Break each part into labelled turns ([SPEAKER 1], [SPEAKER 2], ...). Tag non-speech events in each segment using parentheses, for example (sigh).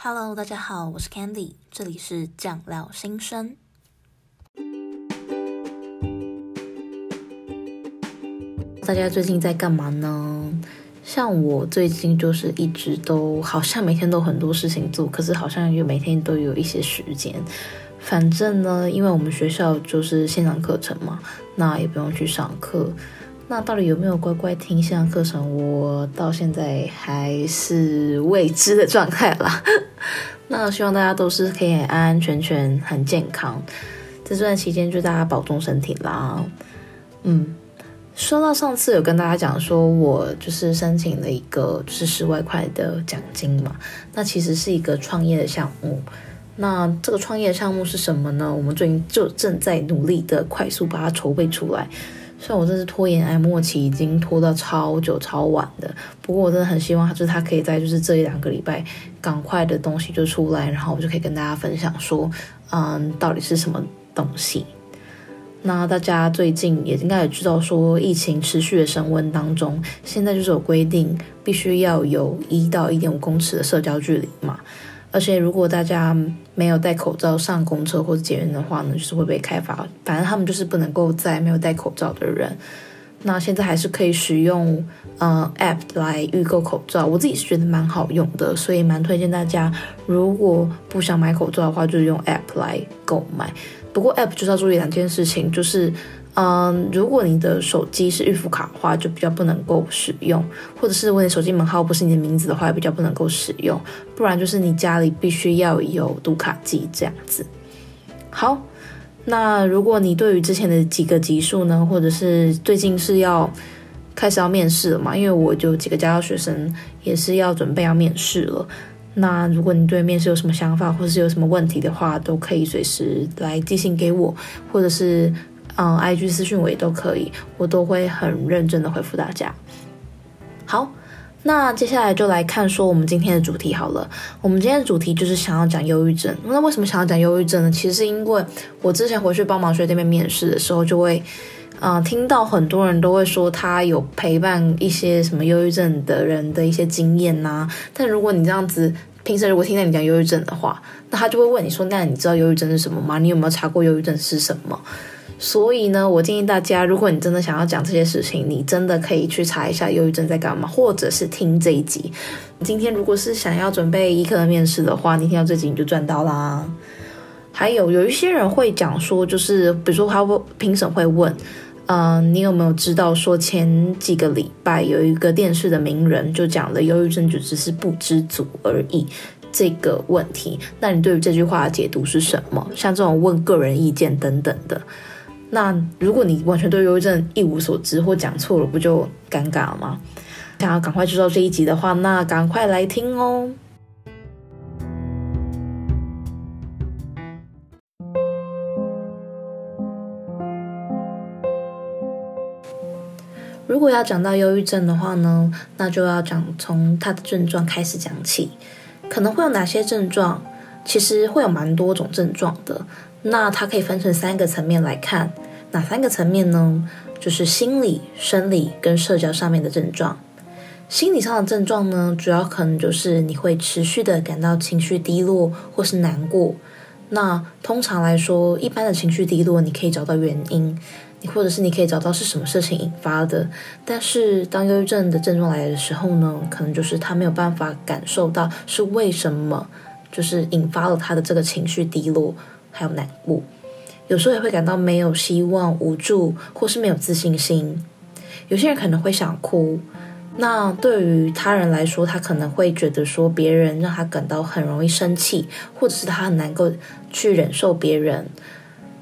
[SPEAKER 1] Hello，大家好，我是 Candy，這裡是醬料新生。大家最近在幹嘛呢？像我最近就是一直都好像每天都很多事情做，可是好像又每天都有一些時間。反正呢，因為我們學校就是線上課程嘛，那也不用去上課。那到底有沒有乖乖聽線上課程，我到現在還是未知的狀態啦。 (laughs) 那希望大家都是可以安安全全、很健康，在這段期間，祝大家保重身體啦。嗯，說到上次有跟大家講說，我就是申請了一個就是十萬塊的獎金嘛，那其實是一個創業的項目。那這個創業的項目是什麼呢？我們最近就正在努力的快速把它籌備出來。像我這是拖延癌末期已經拖到超久超晚的。不過我真的很希望，就是他可以在就是這一兩個禮拜，趕快的東西就出來，然後我就可以跟大家分享說，嗯，到底是什麼東西。那大家最近也應該也知道，說疫情持續的升溫當中，現在就是有規定，必須要有一到一點五公尺的社交距離嘛。而且，如果大家沒有戴口罩上公車、或者捷運的話呢，就是會被開罰。反正他們就是不能夠在沒有戴口罩的人。那現在還是可以使用呃 App 來預購口罩，我自己是覺得蠻好用的，所以蠻推薦大家。如果不想買口罩的話，就用 App 來購買。不過 App 就是要注意兩件事情，就是，嗯，如果你的手機是預付卡的話，就比較不能夠使用；或者是問你的手機門號不是你的名字的話，也比較不能夠使用。不然就是你家裡必須要有讀卡機這樣子。好，那如果你對於之前的幾個級數呢，或者是最近是要開始要面試了嘛？因為我就幾個家教學生也是要準備要面試了。那如果你對面試有什麼想法，或者是有什麼問題的話，都可以隨時來寄信給我，或者是。嗯，IG 私信我也都可以，我都會很認真的回復大家。好，那接下來就來看說我們今天的主題好了。我們今天的主題就是想要講憂鬱症。那為什麼想要講憂鬱症呢？其實是因為我之前回去幫忙學這邊面試的時候，就會嗯聽到很多人都會說他有陪伴一些什麼憂鬱症的人的一些經驗吶、啊。但如果你這樣子，評審如果聽到你講憂鬱症的話，那他就會問你說：“那你知道憂鬱症是什麼嗎？你有沒有查過憂鬱症是什麼？”所以呢，我建議大家，如果你真的想要講這些事情，你真的可以去查一下憂鬱症在幹嘛，或者是聽這一集。今天如果是想要準備醫科的面試的話，你聽到這集你就賺到啦。還有有一些人會講說，就是比如說他會評審會問。嗯，你有沒有知道說，前幾個禮拜有一個電視的名人就講了憂鬱症只是不知足而已這個問題？那你對於這句話的解讀是什麼？像這種問個人意見等等的，那如果你完全對憂鬱症一無所知或講錯了，不就尷尬了嗎？想要趕快知道這一集的話，那趕快來聽哦。如果要講到憂鬱症的話呢，那就要講從它的症狀開始講起，可能會有哪些症狀？其實會有蠻多種症狀的。那它可以分成三個層面來看，哪三個層面呢？就是心理、生理跟社交上面的症狀。心理上的症狀呢，主要可能就是你會持續的感到情緒低落或是難過。那通常來說，一般的情緒低落，你可以找到原因。或者是你可以找到是什麼事情引發的，但是當憂鬱症的症狀來的時候呢，可能就是他沒有辦法感受到是為什麼，就是引發了他的這個情緒低落，還有難過，有時候也會感到沒有希望、無助，或是沒有自信心。有些人可能會想哭，那對於他人來說，他可能會覺得說別人讓他感到很容易生氣，或者是他很難夠去忍受別人。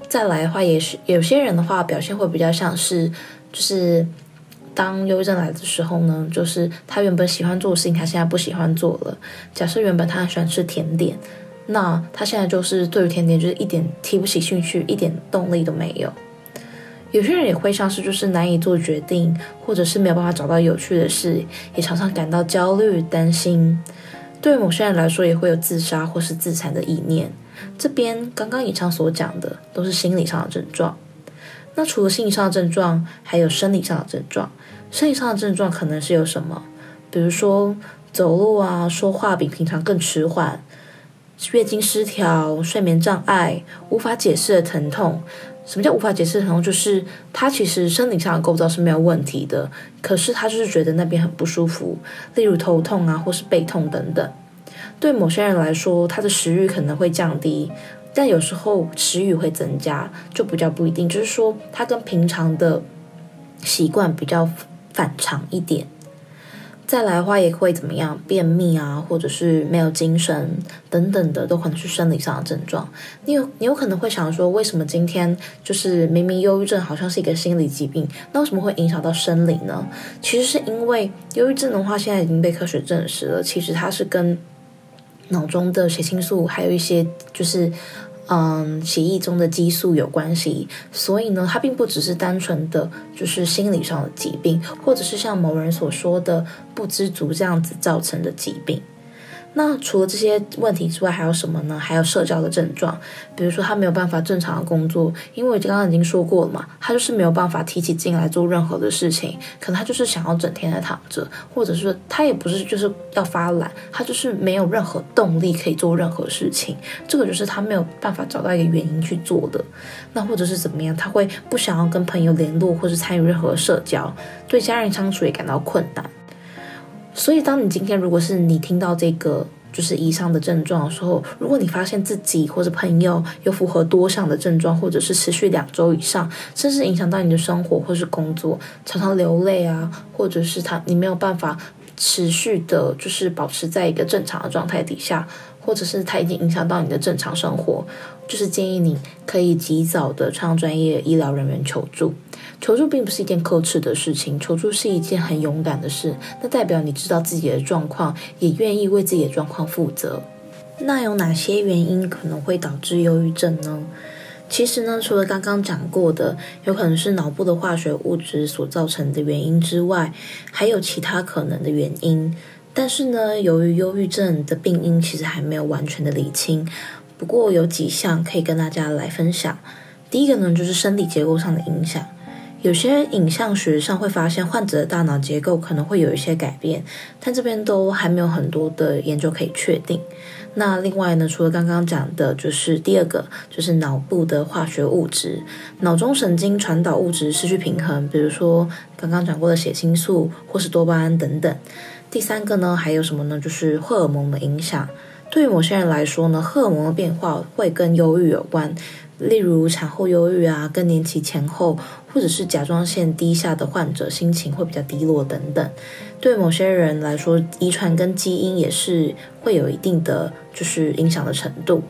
[SPEAKER 1] 再來的話，也許有些人的話，表現會比較像是，就是當憂鬱症來的時候呢，就是他原本喜歡做的事情，他現在不喜歡做了。假設原本他很喜歡吃甜點，那他現在就是對於甜點就是一點提不起興趣，一點動力都沒有。有些人也會像是就是難以做決定，或者是沒有辦法找到有趣的事，也常常感到焦慮、擔心。對於某些人來說，也會有自殺或是自殘的意念。這邊剛剛以上所講的都是心理上的症狀，那除了心理上的症狀，還有生理上的症狀。生理上的症狀可能是有什麼？比如說走路啊，說話比平常更遲緩，月經失調、睡眠障礙、無法解釋的疼痛。什麼叫無法解釋的疼痛？就是他其實生理上的構造是沒有問題的，可是他就是覺得那邊很不舒服，例如頭痛啊，或是背痛等等。對某些人來說，他的食慾可能會降低，但有時候食慾會增加，就比較不一定。就是說，他跟平常的習慣比較反常一點。再來的話，也會怎麼樣？便秘啊，或者是沒有精神等等的，都可能是生理上的症狀。你有你有可能會想說，為什麼今天就是明明憂鬱症好像是一個心理疾病，那為什麼會影響到生理呢？其實是因為憂鬱症的話，現在已經被科學證實了，其實它是跟腦中的血清素還有一些就是，嗯，血液中的激素有關係，所以呢，它並不只是單純的就是心理上的疾病，或者是像某人所說的不知足這樣子造成的疾病。那除了這些問題之外，還有什麼呢？還有社交的症狀，比如說他沒有辦法正常的工作，因為我剛剛已經說過了嘛，他就是沒有辦法提起勁來做任何的事情，可能他就是想要整天在躺着，或者是他也不是就是要發懶，他就是沒有任何動力可以做任何事情，這個就是他沒有辦法找到一個原因去做的，那或者是怎麼樣，他會不想要跟朋友聯絡，或是參與任何社交，對家人相處也感到困難。所以，當你今天如果是你聽到這個，就是以上的症狀的時候，如果你發現自己或者朋友有符合多項的症狀，或者是持續兩週以上，甚至影響到你的生活或是工作，常常流淚啊，或者是他你沒有辦法持續的，就是保持在一個正常的狀態底下。或者是它已經影響到你的正常生活，就是建議你可以及早的向專業醫療人員求助。求助並不是一件可恥的事情，求助是一件很勇敢的事，那代表你知道自己的狀況，也願意為自己的狀況負責。那有哪些原因可能會導致憂鬱症呢？其實呢，除了剛剛講過的，有可能是腦部的化學物質所造成的原因之外，還有其他可能的原因。但是呢，由於憂鬱症的病因其實還沒有完全的理清，不過有幾項可以跟大家來分享。第一個呢，就是生理結構上的影響，有些影像學上會發現患者的大腦結構可能會有一些改變，但這邊都還沒有很多的研究可以確定。那另外呢，除了剛剛講的，就是第二個，就是腦部的化學物質，腦中神經傳導物質失去平衡，比如說剛剛講過的血清素或是多巴胺等等。第三個呢，還有什麼呢？就是荷爾蒙的影響。對於某些人來說呢，荷爾蒙的變化會跟憂鬱有關，例如產後憂鬱啊、更年期前後，或者是甲狀腺低下的患者心情會比較低落等等。對某些人來說，遺傳跟基因也是會有一定的就是影響的程度。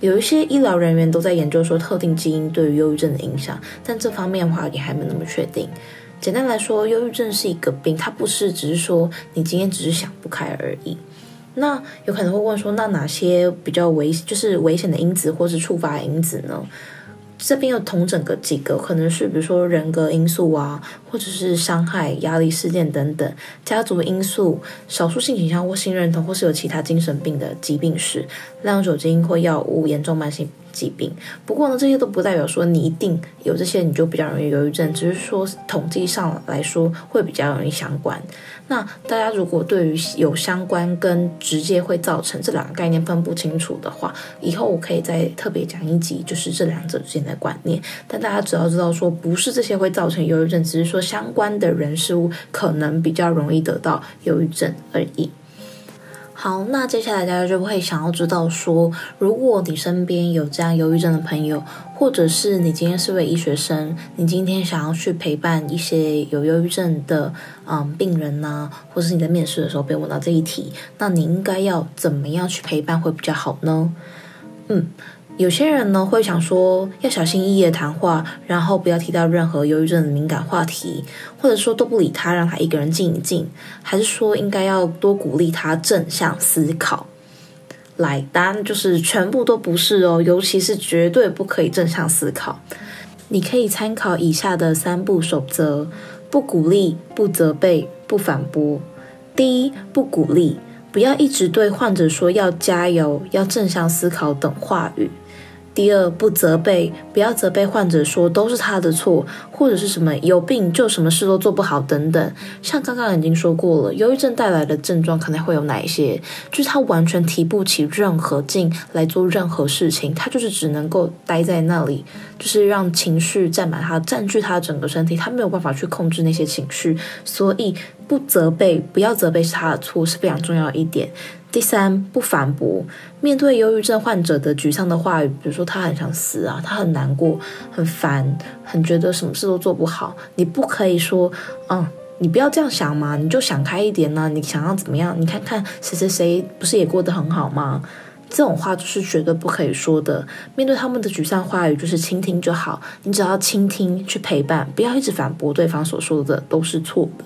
[SPEAKER 1] 有一些醫療人員都在研究說特定基因對於憂鬱症的影響，但這方面的話也還沒那麼確定。簡單來說，憂鬱症是一個病，它不是只是說你今天只是想不開而已。那有可能會問說，那哪些比較危就是危險的因子或是觸發的因子呢？這邊有統整個幾個，可能是比如說人格因素啊，或者是傷害、壓力事件等等，家族因素、少數性傾向或性認同，或是有其他精神病的疾病史，濫用酒精或藥物，嚴重慢性。疾病，不過呢，這些都不代表說你一定有這些你就比較容易憂鬱症，只是說統計上來說會比較容易相關。那大家如果對於有相關跟直接會造成這兩個概念分不清楚的話，以後我可以再特別講一集，就是這兩者之間的觀念。但大家只要知道說，不是這些會造成憂鬱症，只是說相關的人事物可能比較容易得到憂鬱症而已。好，那接下來大家就會想要知道說，如果你身邊有這樣憂鬱症的朋友，或者是你今天是位醫學生，你今天想要去陪伴一些有憂鬱症的嗯病人呢、啊，或者是你在面試的時候被問到這一題，那你應該要怎麼樣去陪伴會比較好呢？嗯。有些人呢會想說要小心翼翼地談話，然後不要提到任何憂鬱症的敏感話題，或者說都不理他，讓他一個人靜一靜，還是說應該要多鼓勵他正向思考？來，答案就是全部都不是哦，尤其是絕對不可以正向思考。你可以參考以下的三步守則：不鼓勵、不責備、不反駁。第一，不鼓勵，不要一直對患者說要加油、要正向思考等話語。第二，不責備，不要責備患者說都是他的錯，或者是什麼有病就什麼事都做不好等等。像剛剛已經說過了，憂鬱症帶來的症狀可能會有哪一些？就是他完全提不起任何勁來做任何事情，他就是只能夠待在那裡，就是讓情緒占滿他，占據他整個身體，他沒有辦法去控制那些情緒。所以，不責備，不要責備是他的錯，是非常重要的一點。第三，不反駁。面對憂鬱症患者的沮喪的話語，比如說他很想死啊，他很難過，很煩，很覺得什麼事都做不好，你不可以說，嗯，你不要這樣想嘛，你就想開一點呢、啊，你想要怎麼樣？你看看誰誰誰不是也過得很好嗎？這種話就是絕對不可以說的。面對他們的沮喪話語，就是傾聽就好。你只要傾聽，去陪伴，不要一直反駁對方所說的都是錯的。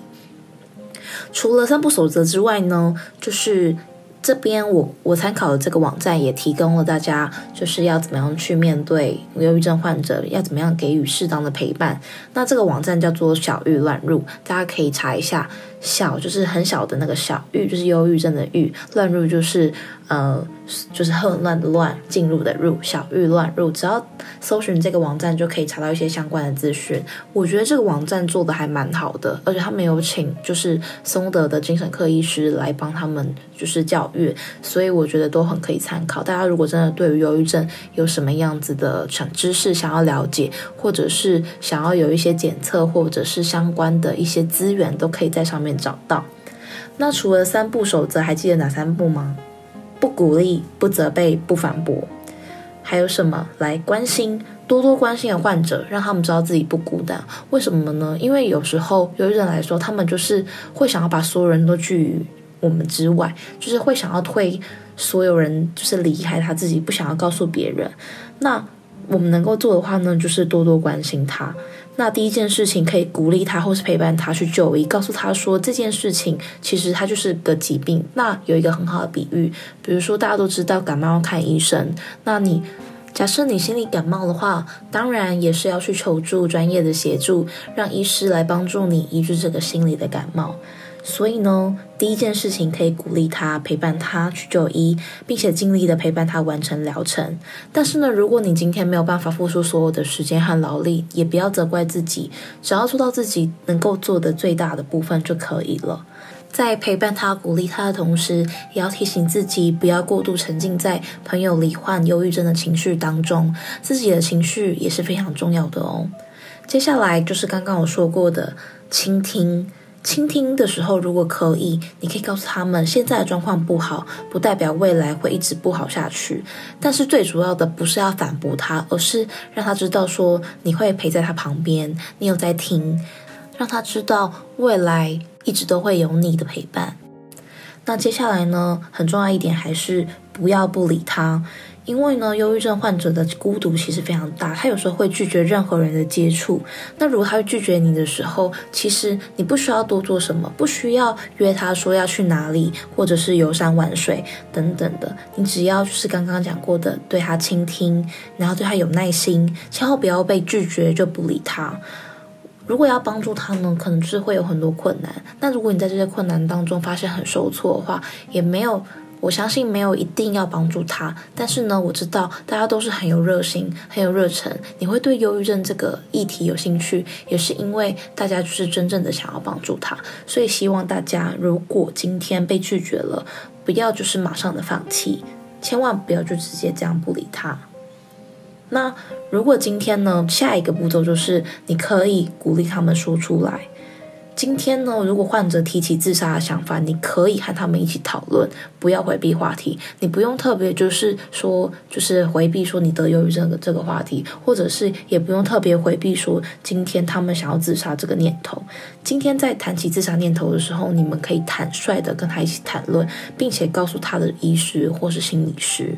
[SPEAKER 1] 除了三不守則之外呢，就是。這邊我我參考的這個網站也提供了大家，就是要怎麼樣去面對憂鬱症患者，要怎麼樣給予適當的陪伴。那這個網站叫做“小鬱亂入”，大家可以查一下。小就是很小的那個小鬱，就是憂鬱症的鬱，亂入就是呃就是混亂的亂進入的入，小鬱亂入，只要搜尋這個網站就可以查到一些相關的資訊。我覺得這個網站做的還蠻好的，而且他們有請就是松德的精神科醫師來幫他們就是教育，所以我覺得都很可以參考。大家如果真的對於憂鬱症有什麼樣子的想知識想要了解，或者是想要有一些檢測，或者是相關的一些資源，都可以在上面找到。那除了三步守則，還記得哪三步嗎？不鼓勵，不責備，不反駁，還有什麼來關心？多多關心的患者，讓他們知道自己不孤單。為什麼呢？因為有時候有人來說，他們就是會想要把所有人都拒於我們之外，就是會想要推所有人就是離開他自己，不想要告訴別人。那我們能夠做的話呢，就是多多關心他。那第一件事情可以鼓勵他，或是陪伴他去就醫，告訴他說，這件事情其實他就是個疾病。那有一個很好的比喻，比如說大家都知道感冒要看醫生，那你假設你心裡感冒的話，當然也是要去求助專業的協助，讓醫師來幫助你醫治這個心理的感冒。所以呢，第一件事情可以鼓勵他，陪伴他去就醫，並且盡力的陪伴他完成療程。但是呢，如果你今天沒有辦法付出所有的時間和勞力，也不要責怪自己，只要做到自己能夠做的最大的部分就可以了。在陪伴他、鼓勵他的同時，也要提醒自己不要過度沉浸在朋友罹患憂鬱症的情緒當中，自己的情緒也是非常重要的哦。接下來就是剛剛我說過的傾聽。傾聽的時候，如果可以，你可以告訴他們，現在的狀況不好，不代表未來會一直不好下去。但是最主要的不是要反駁他，而是讓他知道說你會陪在他旁邊，你有在聽，讓他知道未來一直都會有你的陪伴。那接下來呢，很重要一點還是不要不理他。因為呢，憂鬱症患者的孤獨其實非常大，他有時候會拒絕任何人的接觸。那如果他拒絕你的時候，其實你不需要多做什麼，不需要約他說要去哪裡，或者是遊山玩水等等的。你只要就是剛剛講過的，對他傾聽，然後對他有耐心，千萬不要被拒絕就不理他。如果要幫助他呢，可能是會有很多困難。那如果你在這些困難當中發現很受挫的話，也沒有。我相信沒有一定要幫助他，但是呢，我知道大家都是很有熱心、很有熱忱。你會對憂鬱症這個議題有興趣，也是因為大家就是真正的想要幫助他。所以希望大家，如果今天被拒絕了，不要就是馬上的放棄，千萬不要就直接這樣不理他。那如果今天呢，下一個步驟就是你可以鼓勵他們說出來。今天呢，如果患者提起自殺的想法，你可以和他們一起討論，不要回避話題。你不用特別就是說，就是回避說你得憂鬱症的這個話題，或者是也不用特別回避說今天他們想要自殺這個念頭。今天在談起自殺念頭的時候，你們可以坦率的跟他一起談論，並且告訴他的醫師或是心理師。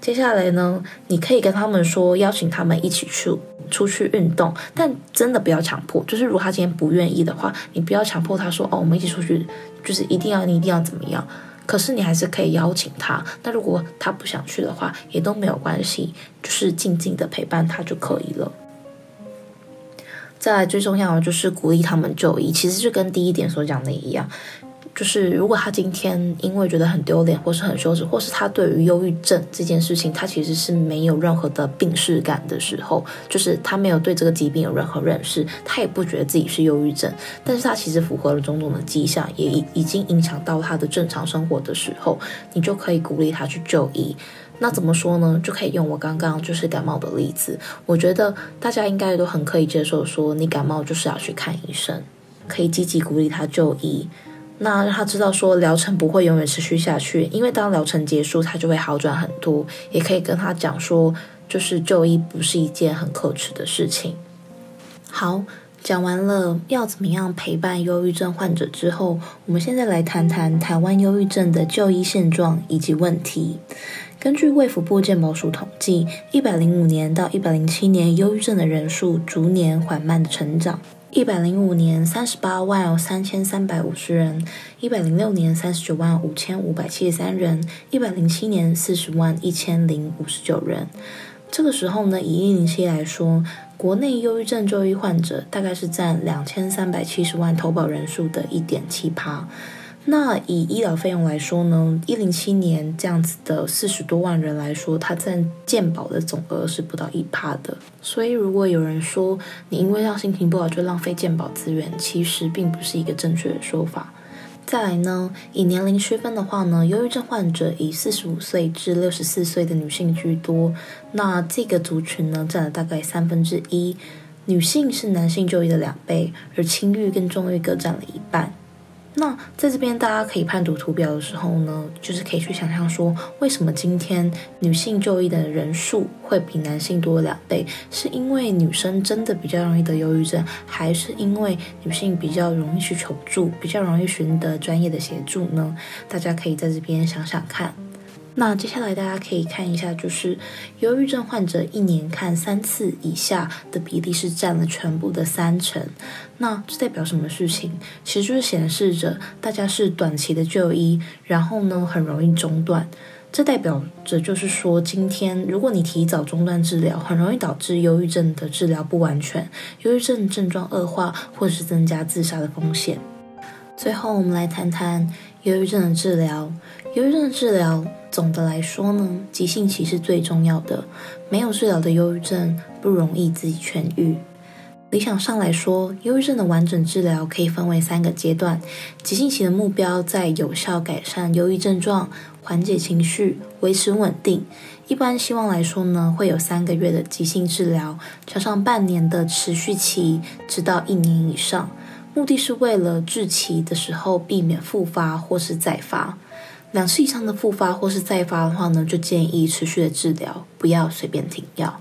[SPEAKER 1] 接下來呢，你可以跟他們說，邀請他們一起去出去運動，但真的不要強迫。就是如果他今天不願意的話，你不要強迫他說哦，我們一起出去，就是一定要你一定要怎麼樣。可是你還是可以邀請他。那如果他不想去的話，也都沒有關係，就是靜靜的陪伴他就可以了。再來最重要的就是鼓勵他們就醫，其實就跟第一點所講的一樣。就是如果他今天因為覺得很丟臉，或是很羞恥，或是他對於憂鬱症這件事情，他其實是沒有任何的病恥感的時候，就是他沒有對這個疾病有任何認識，他也不覺得自己是憂鬱症，但是他其實符合了種種的跡象，也已已經影響到他的正常生活的時候，你就可以鼓勵他去就醫。那怎麼說呢？就可以用我剛剛就是感冒的例子，我覺得大家應該都很可以接受，說你感冒就是要去看醫生，可以積極鼓勵他就醫。那讓他知道說療程不會永遠持續下去，因為當療程結束，他就會好轉很多。也可以跟他講說，就是就醫不是一件很可恥的事情。好，講完了要怎麼樣陪伴憂鬱症患者之後，我們現在來談談台灣憂鬱症的就醫現狀以及問題。根據衛福部健保署統計，一百零五年到一百零七年憂鬱症的人數逐年緩慢的成長。一百零五年三十八萬三千三百五十人，一百零六年三十九萬五千五百七十三人，一百零七年四十萬一千零五十九人。這個時候呢，以一零七來說，國內憂鬱症就醫患者大概是佔兩千三百七十萬投保人數的一點七趴。那以醫療費用來說呢，一零七年這樣子的四十多萬人來說，它占健保的總額是不到一趴的。所以如果有人說你因為讓心情不好就浪費健保資源，其實並不是一個正確的說法。再來呢，以年齡區分的話呢，憂鬱症患者以四十五歲至六十四歲的女性居多，那這個族群呢占了大概三分之一，女性是男性就醫的兩倍，而輕鬱跟重鬱各占了一半。那在這邊，大家可以判讀圖表的時候呢，就是可以去想象說，為什麼今天女性就醫的人數會比男性多兩倍？是因為女生真的比較容易得憂鬱症，還是因為女性比較容易去求助，比較容易尋得專業的協助呢？大家可以在這邊想想看。那接下來大家可以看一下，就是憂鬱症患者一年看三次以下的比例是佔了全部的三成。那這代表什麼事情？其實就是顯示着大家是短期的就醫，然後呢，很容易中斷。這代表着就是說，今天如果你提早中斷治療，很容易導致憂鬱症的治療不完全，憂鬱症症狀惡化，或是增加自殺的風險。最後我們來談談憂鬱症的治療，憂鬱症的治療。總的來說呢，急性期是最重要的。沒有治療的憂鬱症不容易自己痊癒。理想上來說，憂鬱症的完整治療可以分為三個階段。急性期的目標在有效改善憂鬱症狀，緩解情緒，維持穩定。一般希望來說呢，會有三個月的急性治療，加上半年的持續期，直到一年以上。目的是為了治期的時候避免復發或是再發。兩次以上的復發或是再發的話呢，就建議持續的治療，不要隨便停藥。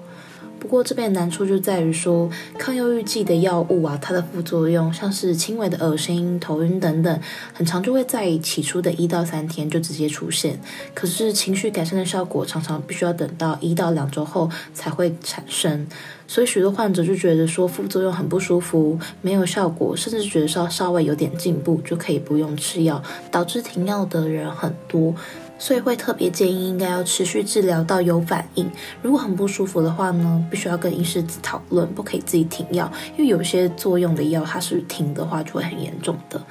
[SPEAKER 1] 不過這邊的難處就在於說，抗憂鬱劑的藥物啊，它的副作用像是輕微的噁心、頭暈等等，很常就會在起初的一到三天就直接出現。可是情緒改善的效果常常必須要等到一到兩周後才會產生。所以許多患者就覺得說，副作用很不舒服，沒有效果，甚至覺得稍稍微有點進步就可以不用吃藥，導致停藥的人很多。所以會特別建議應該要持續治療到有反應。如果很不舒服的話呢，必須要跟醫師討論，不可以自己停藥，因為有些作用的藥它是停的話就會很嚴重的。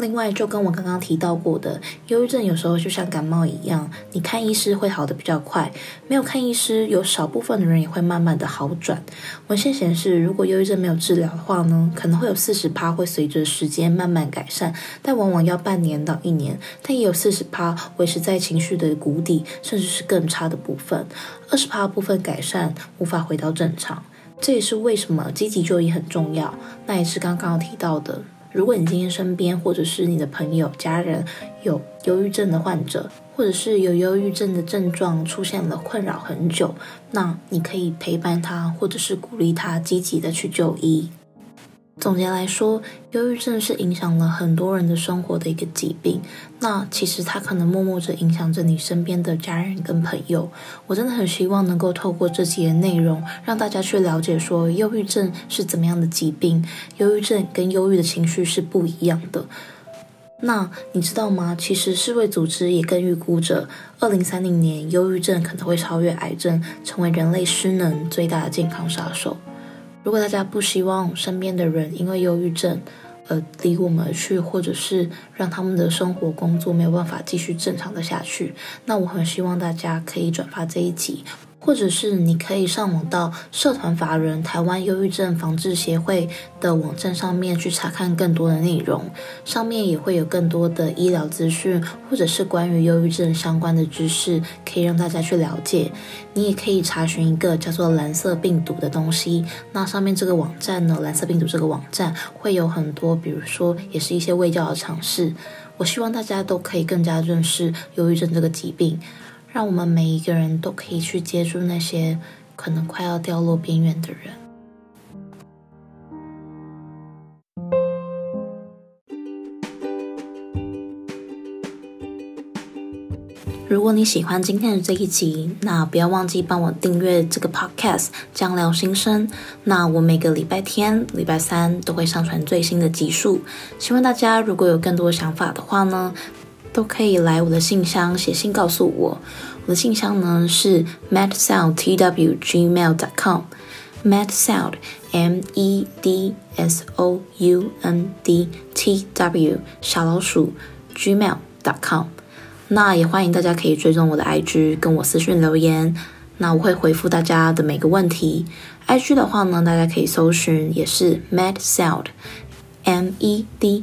[SPEAKER 1] 另外，就跟我剛剛提到過的，憂鬱症有時候就像感冒一樣，你看醫師會好的比較快，沒有看醫師，有少部分的人也會慢慢的好轉。文獻顯示，如果憂鬱症沒有治療的話呢，可能會有四十趴會隨着時間慢慢改善，但往往要半年到一年。但也有四十趴維持在情緒的谷底，甚至是更差的部分，二十趴的部分改善無法回到正常。這也是為什麼積極就醫很重要。那也是剛剛提到的。如果你今天身邊或者是你的朋友、家人有憂鬱症的患者，或者是有憂鬱症的症狀出現了困擾很久，那你可以陪伴他，或者是鼓勵他積極的去就醫。總結來說，憂鬱症是影響了很多人的生活的一個疾病。那其實它可能默默着影響着你身邊的家人跟朋友。我真的很希望能夠透過這些內容，讓大家去了解說憂鬱症是怎麼樣的疾病。憂鬱症跟憂鬱的情緒是不一樣的。那你知道嗎？其實世衛組織也更預估着，二零三零年憂鬱症可能會超越癌症，成為人類失能最大的健康殺手。如果大家不希望身邊的人因為憂鬱症而離我們而去，或者是讓他們的生活、工作沒有辦法繼續正常的下去，那我很希望大家可以轉發這一集。或者是你可以上網到社團法人台灣憂鬱症防治協會的網站上面去查看更多的內容，上面也會有更多的醫療資訊，或者是關於憂鬱症相關的知識，可以讓大家去了解。你也可以查詢一個叫做“藍色病毒”的東西，那上面這個網站呢，藍色病毒這個網站會有很多，比如說也是一些衛教的嘗試。我希望大家都可以更加認識憂鬱症這個疾病。讓我們每一個人都可以去接觸那些可能快要掉落邊緣的人。如果你喜歡今天的這一集，那不要忘記幫我訂閱這個 podcast《醬聊新生》。那我每個禮拜天、禮拜三都會上傳最新的集數。希望大家如果有更多想法的話呢，都可以來我的信箱寫信告訴我，我的信箱呢是 medsoundtw gmail.com，medsound，m e d s o u n d t w 小老鼠 gmail.com，那也歡迎大家可以追蹤我的 IG，跟我私訊留言，那我會回復大家的每個問題。IG 的話呢，大家可以搜尋也是 medsound，m e d。